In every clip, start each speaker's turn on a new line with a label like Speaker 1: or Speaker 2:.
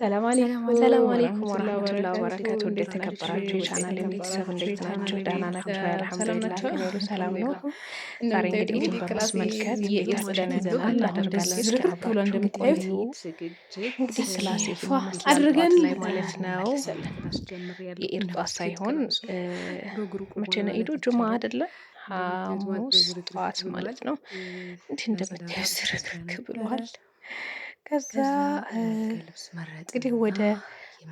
Speaker 1: ሰላም
Speaker 2: አለይኩም
Speaker 1: ወራህመቱላሂ ወበረካቱ። እንደ ተከበራችሁ የቻናል ቤተሰብ እንዴት ናችሁ? ደህና ናችሁ? አልሐምዱሊላህ ክበሩ። ሰላም ነው። ዛሬ እንግዲህ በማስመልከት የኢስላም ዘመን አደርጋለን ዝርቅ ብሎ እንደምቆዩት እንግዲህ ስላሴፋ አድርገን ላይ ማለት ነው። የኢርጧት ሳይሆን መቼ ነው ኢዱ? ጁማ አይደለ? ሐሙስ ጠዋት ማለት ነው። እንዲህ እንደምታዩ ዝርክርክ ብሏል። ከዛ እንግዲህ ወደ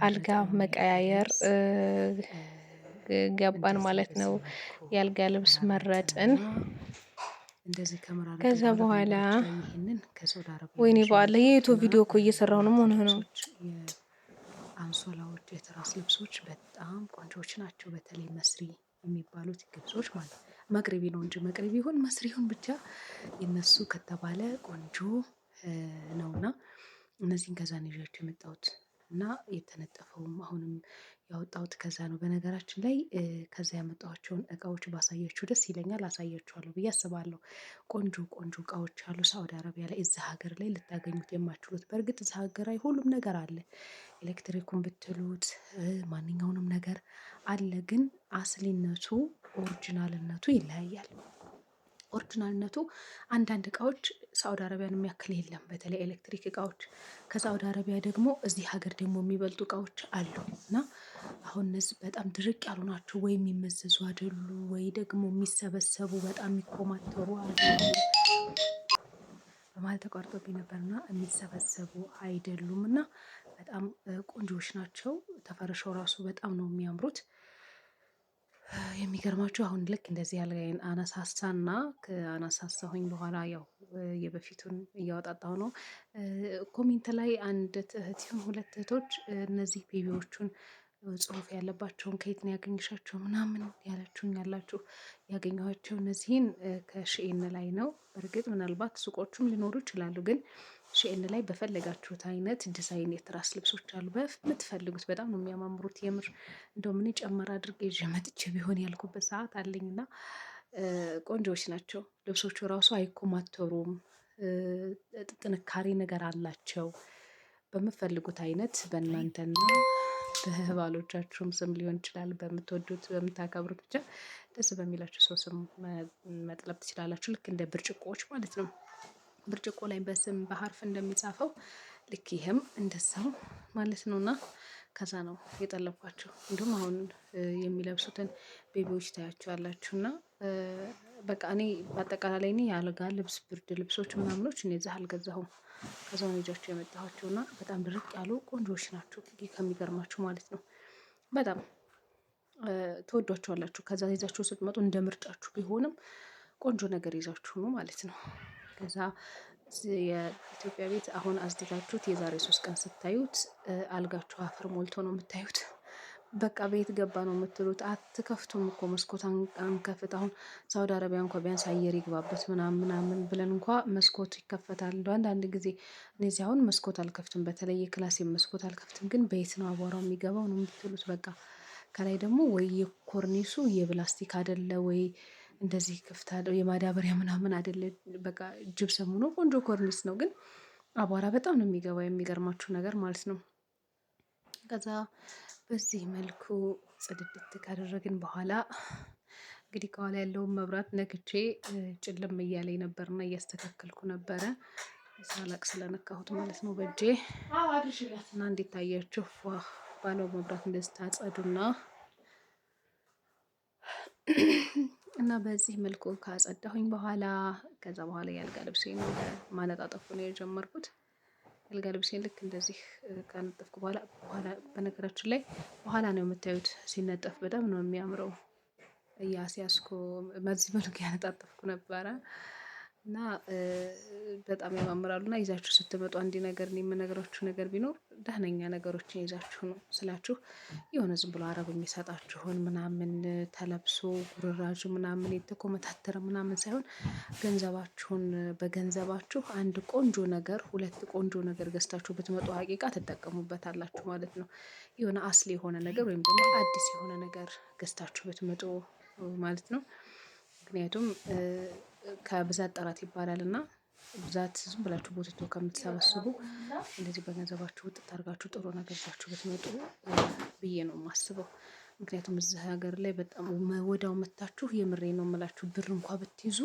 Speaker 1: አልጋ መቀያየር ገባን ማለት ነው። የአልጋ ልብስ መረጥን። ከዛ በኋላ ወይኔ በአለ የዩቱብ ቪዲዮ እኮ እየሰራሁ ነው። ምን ነው አንሶላዎች፣ የትራስ ልብሶች በጣም ቆንጆች ናቸው። በተለይ መስሪ የሚባሉት ግብጾች ማለት መቅረቢ ነው እንጂ መቅረቢ ይሁን መስሪ ይሁን ብቻ የነሱ ከተባለ ቆንጆ ነውና እነዚህን ከዛ ነው ይዣቸው የመጣሁት እና የተነጠፈውም አሁንም ያወጣሁት ከዛ ነው። በነገራችን ላይ ከዛ ያመጣኋቸውን እቃዎች ባሳያችሁ ደስ ይለኛል። አሳያችኋለሁ ብዬ አስባለሁ። ቆንጆ ቆንጆ እቃዎች አሉ ሳውዲ አረቢያ ላይ እዚህ ሀገር ላይ ልታገኙት የማችሉት። በእርግጥ እዚህ ሀገር ላይ ሁሉም ነገር አለ። ኤሌክትሪኩን ብትሉት ማንኛውንም ነገር አለ ግን አስሊነቱ ኦሪጅናልነቱ ይለያያል ኦሪጂናልነቱ አንዳንድ እቃዎች ሳውዲ አረቢያን የሚያክል የለም። በተለይ ኤሌክትሪክ እቃዎች ከሳውዲ አረቢያ ደግሞ እዚህ ሀገር ደግሞ የሚበልጡ እቃዎች አሉ እና አሁን እነዚህ በጣም ድርቅ ያሉ ናቸው። ወይ የሚመዘዙ አይደሉ፣ ወይ ደግሞ የሚሰበሰቡ በጣም የሚኮማተሩ አሉ በማለት ተቋርጦብኝ ነበርና የሚሰበሰቡ አይደሉም እና በጣም ቆንጆዎች ናቸው። ተፈርሸው ራሱ በጣም ነው የሚያምሩት። የሚገርማችሁ አሁን ልክ እንደዚህ አልጋዬን አነሳሳና ከአነሳሳሁኝ በኋላ ያው የበፊቱን እያወጣጣሁ ነው። ኮሜንት ላይ አንድ እህት ይሁን ሁለት እህቶች እነዚህ ቤቢዎቹን ጽሁፍ ያለባቸውን ከየት ነው ያገኘሻቸው ምናምን ያላችሁኝ ያላችሁ ያገኘኋቸው እነዚህን ከሽኤን ላይ ነው። በእርግጥ ምናልባት ሱቆቹም ሊኖሩ ይችላሉ ግን ሺኤን ላይ በፈለጋችሁት አይነት ዲዛይን የትራስ ልብሶች አሉ። በምትፈልጉት በጣም ነው የሚያማምሩት። የምር እንደው ምን ጨመር አድርጌ ይዤ መጥቼ ቢሆን ያልኩበት ሰዓት አለኝና ቆንጆዎች ናቸው ልብሶቹ። ራሱ አይኮማተሩም፣ ጥንካሬ ነገር አላቸው። በምትፈልጉት አይነት በእናንተና በባሎቻችሁም ስም ሊሆን ይችላል። በምትወዱት በምታከብሩት ብቻ ደስ በሚላችሁ ሰው ስም መጥለብ ትችላላችሁ። ልክ እንደ ብርጭቆዎች ማለት ነው። ብርጭቆ ላይ በስም በሀርፍ እንደሚጻፈው ልክ ይህም እንደዛው ማለት ነውና ከዛ ነው የጠለኳቸው። እንዲሁም አሁን የሚለብሱትን ቤቢዎች ታያቸው ያላችሁ እና በቃ እኔ በአጠቃላይ እኔ የአልጋ ልብስ፣ ብርድ ልብሶች ምናምኖች እነዚህ አልገዛሁም። ከዛ ይዣቸው የመጣኋቸው እና በጣም ድርቅ ያሉ ቆንጆዎች ናቸው ከሚገርማችሁ ማለት ነው። በጣም ትወዷቸዋላችሁ። ከዛ ይዛችሁ ስትመጡ እንደ ምርጫችሁ ቢሆንም ቆንጆ ነገር ይዛችሁ ነው ማለት ነው። ከዛ የኢትዮጵያ ቤት አሁን አዝዲታችሁት የዛሬ ሶስት ቀን ስታዩት አልጋችሁ አፈር ሞልቶ ነው የምታዩት። በቃ ቤት ገባ ነው የምትሉት። አትከፍቱም እኮ መስኮት አንከፍት። አሁን ሳውዲ አረቢያ እንኳ ቢያንስ አየር ይግባበት ምናምን ምናምን ብለን እንኳ መስኮት ይከፈታል አንዳንድ ጊዜ። እነዚህ አሁን መስኮት አልከፍትም፣ በተለይ የክላሴ መስኮት አልከፍትም፣ ግን በየት ነው አቧራው የሚገባው ነው የምትሉት። በቃ ከላይ ደግሞ ወይ የኮርኒሱ የፕላስቲክ አይደለ ወይ እንደዚህ ክፍት አለው የማዳበሪያ ምናምን አይደለ በቃ ጅብሰም ሆኖ ቆንጆ ኮርኒስ ነው፣ ግን አቧራ በጣም ነው የሚገባው የሚገርማችሁ ነገር ማለት ነው። ከዛ በዚህ መልኩ ጽድድት ካደረግን በኋላ እንግዲህ ከኋላ ያለውን መብራት ነክቼ ጭልም እያለኝ ነበርና እያስተካከልኩ ነበረ ሳላቅ ስለነካሁት ማለት ነው በእጄ እና እንዲታያችሁ ባለው መብራት እንደዚህ ታጸዱና እና በዚህ መልኩ ካጸዳሁኝ በኋላ ከዛ በኋላ የአልጋ ልብሴን ወደ ማነጣጠፉ ነው የጀመርኩት። የአልጋ ልብሴን ልክ እንደዚህ ካነጠፍኩ በኋላ በኋላ በነገራችን ላይ በኋላ ነው የምታዩት ሲነጠፍ በጣም ነው የሚያምረው። እያስያዝኩ በዚህ መልኩ ያነጣጠፍኩ ነበረ። እና በጣም ያማምራሉ እና ይዛችሁ ስትመጡ አንድ ነገር እኔ የምነግራችሁ ነገር ቢኖር ደህነኛ ነገሮችን ይዛችሁ ነው ስላችሁ የሆነ ዝም ብሎ አረብ የሚሰጣችሁን ምናምን ተለብሶ ርራዡ ምናምን የተኮመታተረ ምናምን ሳይሆን ገንዘባችሁን በገንዘባችሁ አንድ ቆንጆ ነገር ሁለት ቆንጆ ነገር ገዝታችሁ ብትመጡ ሀቂቃ ትጠቀሙበታላችሁ ማለት ነው። የሆነ አስሊ የሆነ ነገር ወይም ደግሞ አዲስ የሆነ ነገር ገዝታችሁ ብትመጡ ማለት ነው። ምክንያቱም ከብዛት ጥራት ይባላል እና ብዛት ዝም ብላችሁ ቦትቶ ከምትሰበስቡ እንደዚህ በገንዘባችሁ ውጥ ታርጋችሁ ጥሩ ነገር ይዛችሁ ብትመጡ ብዬ ነው የማስበው። ምክንያቱም እዚህ ሀገር ላይ በጣም ወዳው መታችሁ የምሬ ነው የምላችሁ ብር እንኳ ብትይዙ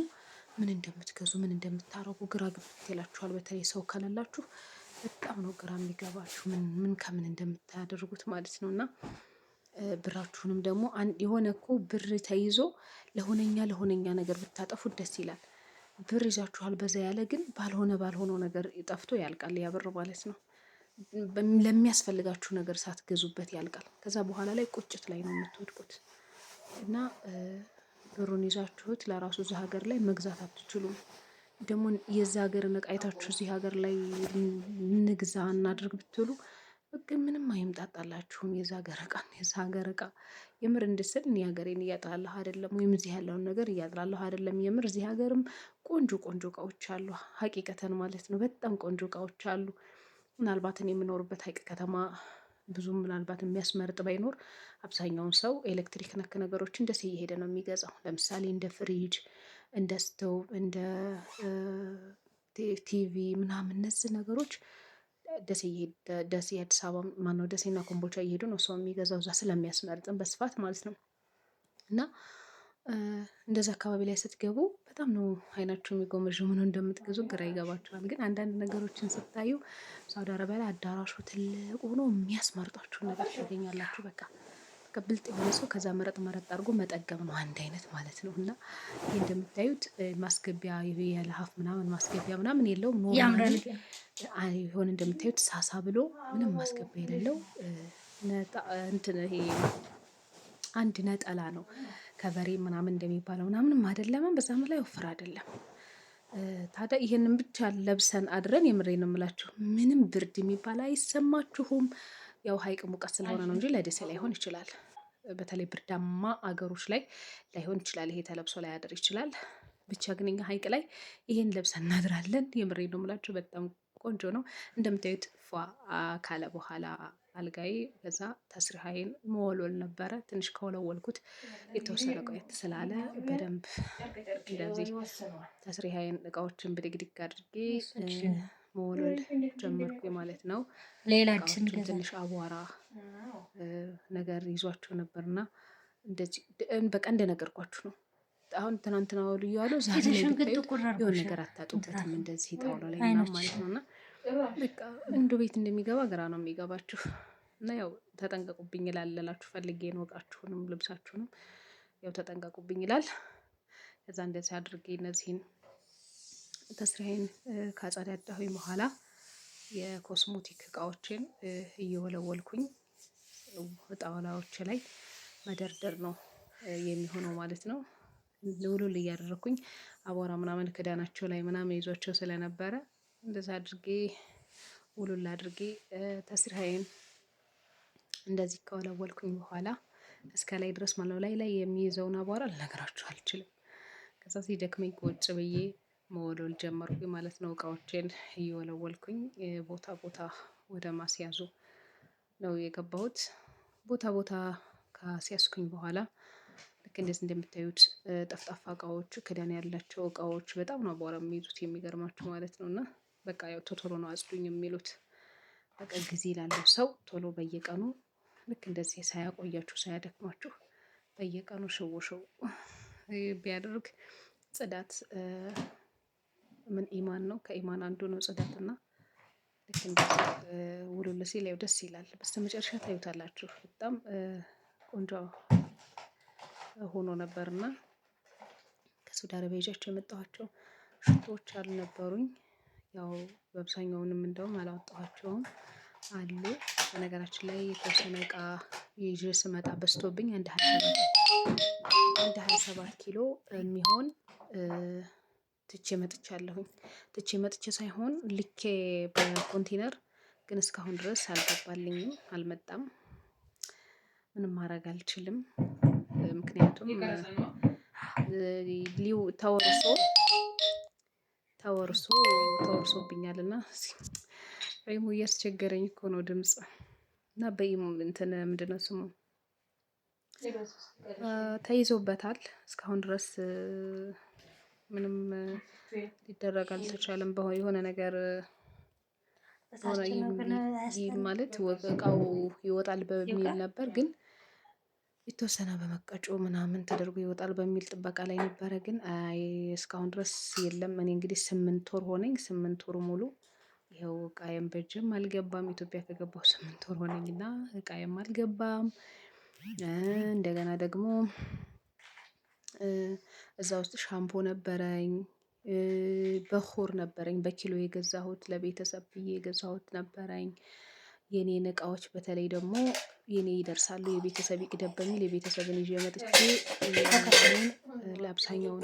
Speaker 1: ምን እንደምትገዙ ምን እንደምታረጉ ግራ ግብት ይላችኋል። በተለይ ሰው ከሌላችሁ በጣም ነው ግራ የሚገባችሁ ምን ምን ከምን እንደምታደርጉት ማለት ነው። እና ብራችሁንም ደግሞ አንድ የሆነ እኮ ብር ተይዞ ለሆነኛ ለሆነኛ ነገር ብታጠፉት ደስ ይላል። ብር ይዛችኋል በዛ ያለ ግን ባልሆነ ባልሆነው ነገር ጠፍቶ ያልቃል ያ ብር ማለት ነው። ለሚያስፈልጋችሁ ነገር ሳትገዙበት ያልቃል ከዛ በኋላ ላይ ቁጭት ላይ ነው የምትወድቁት። እና ብሩን ይዛችሁት ለራሱ እዛ ሀገር ላይ መግዛት አትችሉም። ደግሞ የዛ ሀገር ነቃይታችሁ እዚህ ሀገር ላይ ንግዛ እናድርግ ብትሉ በቃ ምንም አይምጣጣላችሁም የዛ ሀገር እቃም የዛ ሀገር እቃ። የምር እንድስል እኔ ሀገሬን እያጥላለሁ አይደለም ወይም እዚህ ያለውን ነገር እያጥላለሁ አይደለም የምር እዚህ ሀገርም ቆንጆ ቆንጆ እቃዎች አሉ ሀቂቀተን ማለት ነው በጣም ቆንጆ እቃዎች አሉ። ምናልባት እኔ የምኖርበት ሀይቅ ከተማ ብዙም ምናልባት የሚያስመርጥ ባይኖር አብዛኛውን ሰው ኤሌክትሪክ ነክ ነገሮች ደስ እየሄደ ነው የሚገዛው ለምሳሌ እንደ ፍሪጅ እንደ ስቶቭ እንደ ቲቪ ምናምን እነዚህ ነገሮች ደሴ አዲስ አበባ ማነው ደሴና ኮምቦልቻ እየሄዱ ነው ሰው የሚገዛው እዛ ስለሚያስመርጥን በስፋት ማለት ነው። እና እንደዛ አካባቢ ላይ ስትገቡ በጣም ነው አይናቸው የሚጎመዥ ምን እንደምትገዙ ግራ ይገባቸዋል። ግን አንዳንድ ነገሮችን ስታዩ ሳውዲ አረቢያ ላይ አዳራሹ ትልቁ ሆኖ የሚያስመርጧችሁ ነገር ታገኛላችሁ በቃ ብልጥ የሆነ ሰው ከዛ መረጥ መረጥ አድርጎ መጠገም ነው አንድ አይነት ማለት ነው። እና ይህ እንደምታዩት ማስገቢያ የለሀፍ ምናምን ማስገቢያ ምናምን የለውም። ኖርማል እንደምታዩት ሳሳ ብሎ ምንም ማስገቢያ የሌለው እንትን ይሄ አንድ ነጠላ ነው። ከበሬ ምናምን እንደሚባለው ምናምንም አይደለም። በዛም ላይ ወፍር አይደለም። ታዲያ ይህንን ብቻ ለብሰን አድረን የምሬ ነው የምላችሁ፣ ምንም ብርድ የሚባል አይሰማችሁም። ያው ሀይቅ ሙቀት ስለሆነ ነው እንጂ ለደሴ ላይሆን ይችላል። በተለይ ብርዳማ አገሮች ላይ ላይሆን ይችላል። ይሄ ተለብሶ ላያድር ይችላል። ብቻ ግን እኛ ሀይቅ ላይ ይሄን ለብሰን እናድራለን። የምሬ ነው የምላችሁ። በጣም ቆንጆ ነው። እንደምታዩት ፏ ካለ በኋላ አልጋዬ ከዛ ተስሪሀይን መወልወል ነበረ። ትንሽ ከወለወልኩት የተወሰነ ቆየት ስላለ በደንብ እንደዚህ ተስሪሀይን እቃዎችን ብድግድግ አድርጌ መወለድ ጀመርኩ ማለት ነው። ሌላችን ትንሽ አቧራ ነገር ይዟቸው ነበርና እንደዚህ በቃ እንደነገርኳችሁ ነው። አሁን ትናንትና ወልዩ እያሉ ዛሬ ነገር አታጡበትም እንደዚህ ጣውላ ላይ ምናምን ማለት ነው እና በቃ እንዶ ቤት እንደሚገባ ግራ ነው የሚገባችሁ እና ያው ተጠንቀቁብኝ ይላል ልላችሁ ፈልጌ ነው። እቃችሁንም ልብሳችሁንም ያው ተጠንቀቁብኝ ይላል። ከዛ እንደዚህ አድርጌ እነዚህን ተስራዬን ካጸዳዳሁኝ በኋላ የኮስሞቲክ እቃዎችን እየወለወልኩኝ ጣውላዎች ላይ መደርደር ነው የሚሆነው ማለት ነው። ልውሉል እያደረኩኝ አቧራ ምናምን ክዳናቸው ላይ ምናምን ይዟቸው ስለነበረ እንደዛ አድርጌ ውሉል አድርጌ ተስሪሀዬን እንደዚህ ከወለወልኩኝ በኋላ እስከ ላይ ድረስ ማለው ላይ ላይ የሚይዘውን አቧራ ልነግራችሁ አልችልም። ከዛ ሲደክመኝ ቁጭ ብዬ መወልወል ጀመርኩኝ ማለት ነው። እቃዎቼን እየወለወልኩኝ ቦታ ቦታ ወደ ማስያዙ ነው የገባሁት። ቦታ ቦታ ካስያዝኩኝ በኋላ ልክ እንደዚህ እንደምታዩት ጠፍጣፋ እቃዎች ክዳን ያላቸው እቃዎች በጣም ነው አቧራ የሚይዙት የሚገርማችሁ ማለት ነው። እና በቃ ያው ቶቶሎ ነው አጽዱኝ የሚሉት። በቃ ጊዜ ላለው ሰው ቶሎ በየቀኑ ልክ እንደዚህ ሳያቆያችሁ ሳያደክማችሁ በየቀኑ ሽው ሽው ቢያደርግ ጽዳት ምን ኢማን ነው? ከኢማን አንዱ ነው ጽዳትና ልክ እንደዚህ ውሉል ሲል ያው ደስ ይላል። በስተ መጨረሻ ታዩታላችሁ። በጣም ቆንጆ ሆኖ ነበርና ከሳውዲ አረቢያ ይዣቸው የመጣኋቸው ሽቶዎች አልነበሩኝ። ያው በአብዛኛውንም እንደውም አላወጣኋቸውም አሉ። በነገራችን ላይ የተወሰነ እቃ ይዤ ስመጣ በስቶብኝ አንድ ሀያ ሰባት ኪሎ የሚሆን ትቼ መጥቻለሁኝ። ትቼ መጥቼ ሳይሆን ልኬ በኮንቴነር ግን እስካሁን ድረስ አልገባልኝም፣ አልመጣም። ምንም ማድረግ አልችልም። ምክንያቱም ሊው ተወርሶ ተወርሶ ተወርሶብኛል እና ሪሙ እያስቸገረኝ እኮ ነው ድምፅ እና በኢሞ እንትን ምንድነው ስሙ ተይዞበታል እስካሁን ድረስ ምንም ሊደረግ አልተቻለም። የሆነ ነገር ማለት እቃው ይወጣል በሚል ነበር ግን የተወሰነ በመቀጮ ምናምን ተደርጎ ይወጣል በሚል ጥበቃ ላይ ነበረ። ግን እስካሁን ድረስ የለም። እኔ እንግዲህ ስምንት ወር ሆነኝ። ስምንት ወር ሙሉ ይኸው እቃየም በእጅም አልገባም። ኢትዮጵያ ከገባሁ ስምንት ወር ሆነኝ እና እቃየም አልገባም። እንደገና ደግሞ እዛ ውስጥ ሻምፖ ነበረኝ በሆር ነበረኝ በኪሎ የገዛሁት ለቤተሰብ ብዬ የገዛሁት ነበረኝ። የኔን እቃዎች በተለይ ደግሞ የኔ ይደርሳሉ የቤተሰብ ይቅደብ በሚል የቤተሰብን ይዤ መጥቼ ለአብዛኛውን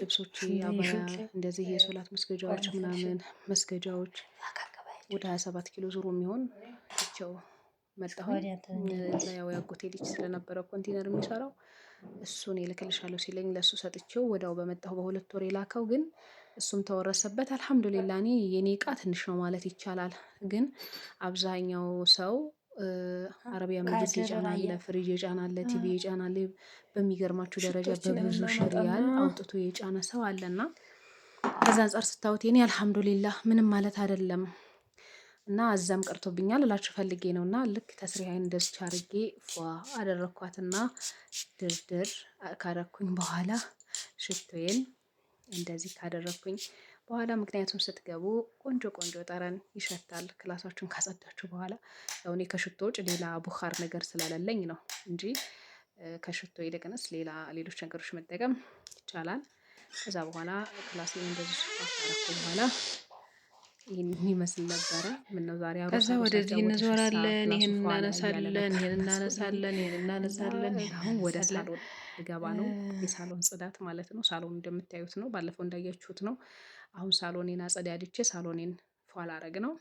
Speaker 1: ልብሶች አበያ እንደዚህ የሶላት መስገጃዎች ምናምን መስገጃዎች ወደ ሀያ ሰባት ኪሎ ዞሮ የሚሆን ትቼው መጣሁኝ። ያው ያጎቴ ልጅ ስለነበረ ኮንቲነር የሚሰራው እሱን እልክልሻለሁ ሲለኝ ለሱ ሰጥቼው ወዲያው በመጣሁ በሁለት ወር የላከው ግን እሱም ተወረሰበት አልሐምዱሊላ እኔ የኔ እቃ ትንሽ ነው ማለት ይቻላል። ግን አብዛኛው ሰው አረቢያ ምግብ የጫናለ ፍሪጅ የጫናለ ቲቪ የጫናለ በሚገርማችሁ ደረጃ በብዙ ሽሪያል አውጥቶ የጫነ ሰው አለና ከዛ አንጻር ስታዩት የኔ አልሐምዱሊላህ ምንም ማለት አይደለም። እና እዛም ቀርቶብኛል እላችሁ ፈልጌ ነው። እና ልክ ተስሪሀይን እንደዚህ አድርጌ ፏ አደረኳትና ድርድር ካረኩኝ በኋላ ሽቶዬን እንደዚህ ካደረኩኝ በኋላ ምክንያቱም ስትገቡ ቆንጆ ቆንጆ ጠረን ይሸታል። ክላሳችሁን ካጸዳችሁ በኋላ ያው እኔ ከሽቶ ውጭ ሌላ ቡኻር ነገር ስለሌለኝ ነው እንጂ ከሽቶ ይልቅንስ ሌላ ሌሎች ነገሮች መጠቀም ይቻላል። ከዛ በኋላ ክላሴን እንደዚህ ካረኩ በኋላ ይህንን ይመስል ነበረ። ምነው ዛሬ ከዛ ወደዚህ እንዞራለን፣ ይህን እናነሳለን፣ ይህን እናነሳለን፣ ይህን እናነሳለን። አሁን ወደ ሳሎን ገባ ነው። የሳሎን ጽዳት ማለት ነው። ሳሎን እንደምታዩት ነው። ባለፈው እንዳያችሁት ነው። አሁን ሳሎኔን አጸዳድቼ ሳሎኔን ፏል አረግ ነው።